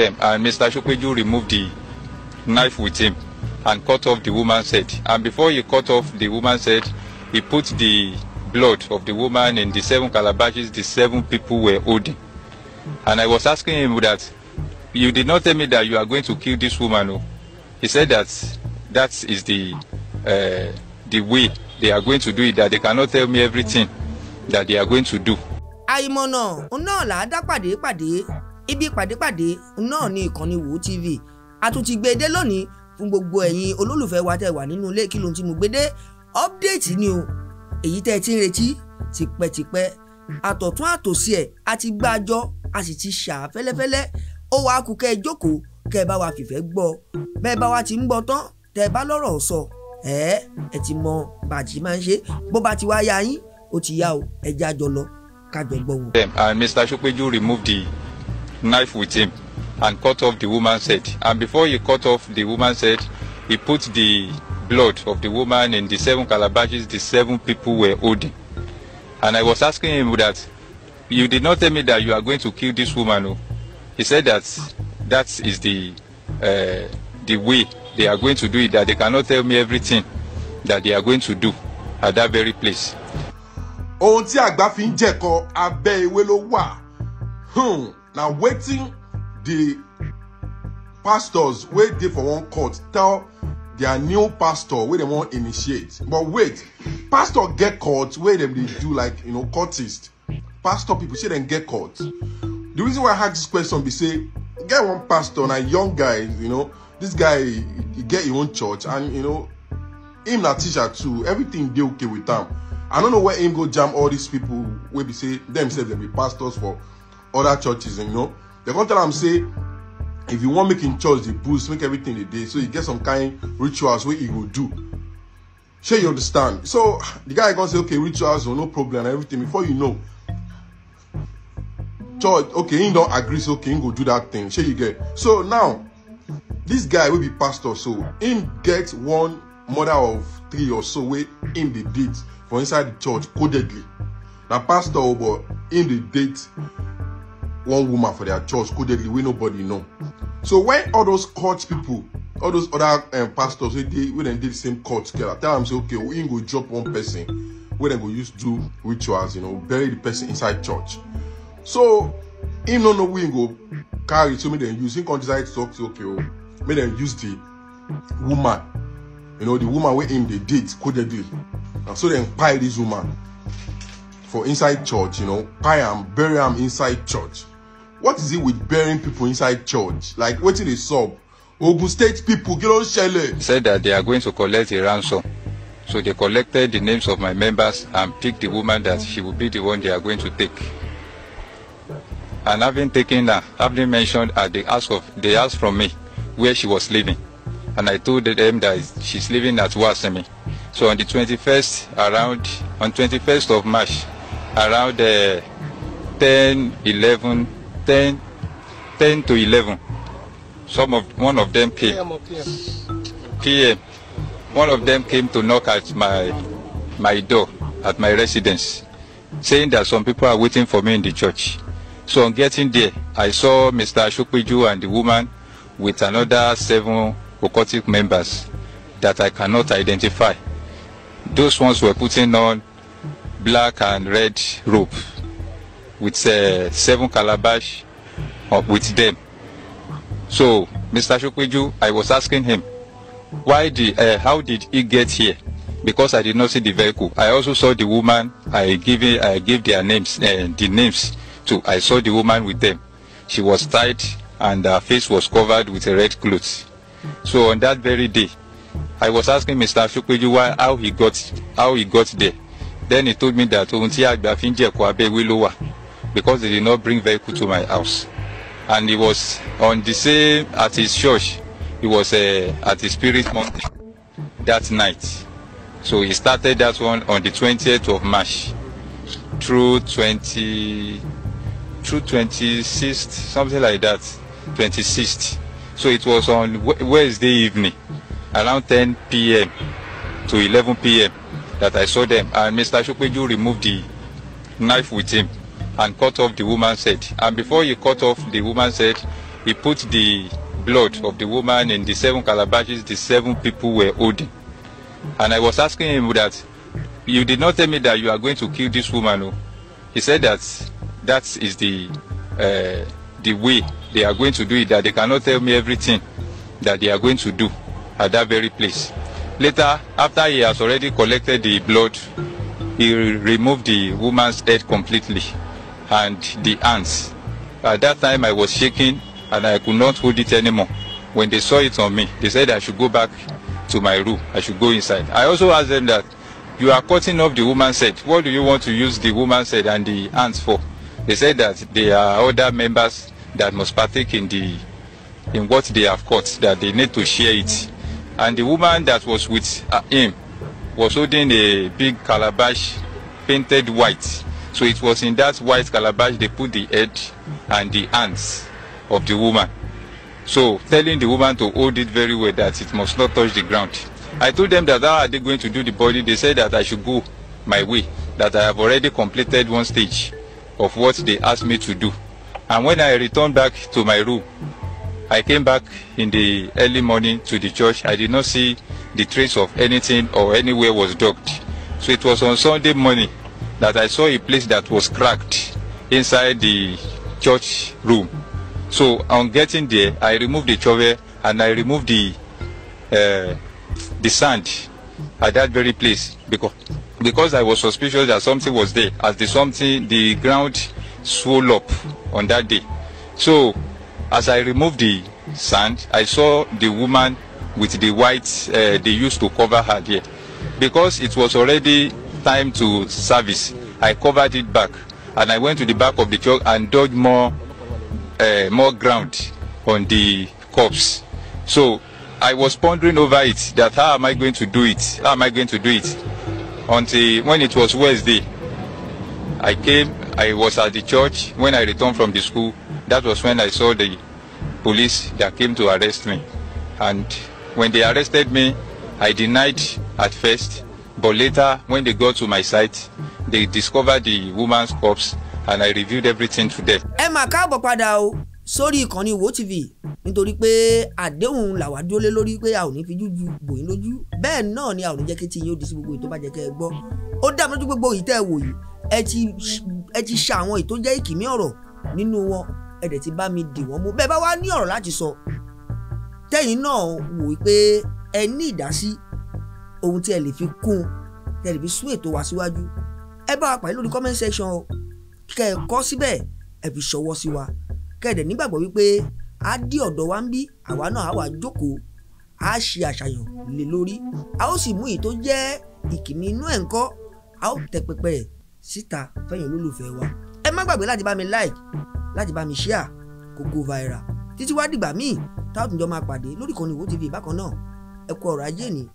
them and uh, Mr. Shopeju removed the knife with him and cut off the woman's head. And before he cut off the woman's head, he put the blood of the woman in the seven calabashes the seven people were holding. And I was asking him that, you did not tell me that you are going to kill this woman. No? Oh? He said that that is the, uh, the way they are going to do it, that they cannot tell me everything that they are going to do. àìmọ̀nà òun náà là á dá pàdé pàdé ibi pàdépàdé náà ni ìkànnì wò tv a tún e lónìí fún gbogbo ẹ̀yin olólùfẹ́ wa tẹ́ wà nínú ilé kí lóhun tí mo gbé dé ọ́pdéètì ni o èyí tẹ́ ẹ ti ń retí tipẹ́tipẹ́ àtọ̀tún àtòsí ẹ̀ a ti gbájọ́ a sì ti ṣà fẹ́lẹ́fẹ́lẹ́ ó wàá kú kẹ́ ẹ jókòó kẹ́ ẹ bá wa fìfẹ́ gbọ́ bẹ́ẹ̀ bá wa ti ń gbọ́ tán tẹ́ ẹ bá lọ́rọ̀ sọ ẹ ẹ ti mọ bàjí máa ń ṣe bó bá ti wá ya yín ó ti yá o ẹ jẹ́ àjọ lọ kájọ gbọ́ wọn. and Mr. Sopeju removed the knife with him and cut off the woman's head. And before he cut off the woman's head, he put the blood of the woman in the seven calabashes the seven people were holding. And I was asking him that, you did not tell me that you are going to kill this woman. No? Oh? He said that that is the, uh, the way they are going to do it, that they cannot tell me everything that they are going to do at that very place. ohun tí àgbà fi ń jẹ̀kọ abẹ́ ewé ló wà. Hmm na wetin the pastors wey dey for one court tell their new pastor wey dem wan initiate but wait pastor get court wey dem dey do like you know courtist pastor people say dem get court the reason why i ask this question be say get one pastor na young guy you know this guy he, get him own church and you know him na teacher too everything dey okay with am i no know where him go jam all these people wey be say dem sef dem be pastors for other churches you know dem gonna tell am say if you want making church the boost make everything the day, so you get some kind rituals where you go do Sure you understand so the guy gonna say okay rituals o oh, no problem and everything before you know church okay im don't agree so okay im go do that thing Sure you get so now this guy will be pastor so im get one mother of three or so way in the date for inside the church codedly Now pastor oh, but in the date one woman for their church codedly wey nobody know so when all those court people all those other um, pastors wey dey wey dem dey the same court together tell am say okay we go drop one person wey dem go use do rituals you know bury the person inside church so him no know who him go carry so make dem use him come decide to talk say okay o oh, make dem use the woman you know the woman wey him dey date codedly na so dem kpai this woman for inside church you know kpai am bury am inside church what is it with burying people inside church like wetin dey sup ogun state people kí ló ń ṣẹlẹ̀. said that they are going to collect a ransom so they collected the names of my members and picked the woman that she would be the one they are going to take and having taken her having mentioned her they asked of they asked from me where she was living and I told them that she's living at Wasemi. So on the 21st around on 21st of March around uh, 10 11 10, 10 to 11. Some of one of them came. PM. One of them came to knock at my my door at my residence, saying that some people are waiting for me in the church. So on getting there, I saw Mr. Ashokpeju and the woman with another seven occultic members that I cannot identify. Those ones were putting on black and red rope with uh, seven calabash uh, with them. So, Mr. Shukweju, I was asking him, why did, uh, how did he get here? Because I did not see the vehicle. I also saw the woman. I give, I gave their names, uh, the names too. I saw the woman with them. She was tied and her face was covered with a red cloth. So on that very day, I was asking Mr. Shukweju why how he got how he got there. Then he told me that ohun tí àgbà fi because they did not bring vehicle to my house and he was on the same at his church he was uh, at his spirit mountain that night so he started that one on the 20th of march through 20 through 26th something like that 26th so it was on wednesday evening around 10 p.m to 11 p.m that i saw them and mr sopeju removed the knife with him and cut off the woman's head. And before he cut off the woman's head, he put the blood of the woman in the seven calabashes the seven people were holding. And I was asking him that, you did not tell me that you are going to kill this woman. No. Oh? He said that that is the, uh, the way they are going to do it, that they cannot tell me everything that they are going to do at that very place. Later, after he has already collected the blood, he removed the woman's head completely and the ants. At that time, I was shaking and I could not hold it anymore. When they saw it on me, they said I should go back to my room. I should go inside. I also asked them that you are cutting off the woman's head. What do you want to use the woman's head and the ants for? They said that there are other members that must partake in the in what they have caught that they need to share it. And the woman that was with uh, him was holding a big calabash painted white So it was in that white calabash they put the head and the hands of the woman. So telling the woman to hold it very well that it must not touch the ground. I told them that how are they going to do the body? They said that I should go my way, that I have already completed one stage of what they asked me to do. And when I returned back to my room, I came back in the early morning to the church. I did not see the trace of anything or anywhere was dug. So it was on Sunday morning that I saw a place that was cracked inside the church room. So on getting there, I removed the shovel and I removed the uh, the sand at that very place because because I was suspicious that something was there as the something the ground swelled up on that day. So as I removed the sand, I saw the woman with the white uh, they used to cover her there because it was already time to service, I covered it back and I went to the back of the truck and dug more, uh, more ground on the corpse. So I was pondering over it that how am I going to do it? How am I going to do it? Until when it was Wednesday, I came, I was at the church. When I returned from the school, that was when I saw the police that came to arrest me. And when they arrested me, I denied at first But later, when they got to my site, they discovered the woman's corpse and I reviewed everything to them. Ẹ máa káàbọ̀ padà o sórí ìkànnì Wo TV nítorí pé àdéhùn làwa dúró lé lórí pé a ò ní fi jújú bò lójú bẹ́ẹ̀ náà ni a ò ní jẹ́ kí tiyín ó di sí gbogbo èyí tó bá jẹ́ kẹ́ ẹ gbọ́ ó dá mi lójú gbogbo èyí tẹ́ ẹ wò yìí ẹ ti ṣe àwọn èyí tó jẹ́ ìkìmí ọ̀rọ̀ nínú wọn ẹ dẹ̀ ti bá mi dì wọ́n mú bẹ́ẹ̀ bá wá ní ọ̀rọ̀ láti sọ tẹ́yìn náà wò pé ẹ ní ìdásí ohun tí ẹ lè fi kún tí ẹ lè fi sún ètò wa síwájú ẹ bá wa pàdé lórí comment section o kẹ ẹ kọ síbẹ̀ ẹ fi ṣọwọ́ sí wa kẹ ẹ dẹ̀ nígbàgbọ́ wípé á dí ọ̀dọ̀ wa ń bí àwa náà á wà jókòó á ṣe àṣàyàn lé lórí a ó sì mú èyí tó jẹ́ ìkíni inú ẹ̀ ńkọ́ a ó tẹ pẹpẹ ẹ̀ síta fẹ́yìn olólùfẹ́ wa ẹ má gbàgbé láti bá mi like láti bá mi share kó go viral títí wá dìgbà míì táwọn tó ń jọ máa pàdé lórí ìkànnì Wo TV bákan náà ẹ kú ọ̀rọ̀ ajé nìyí.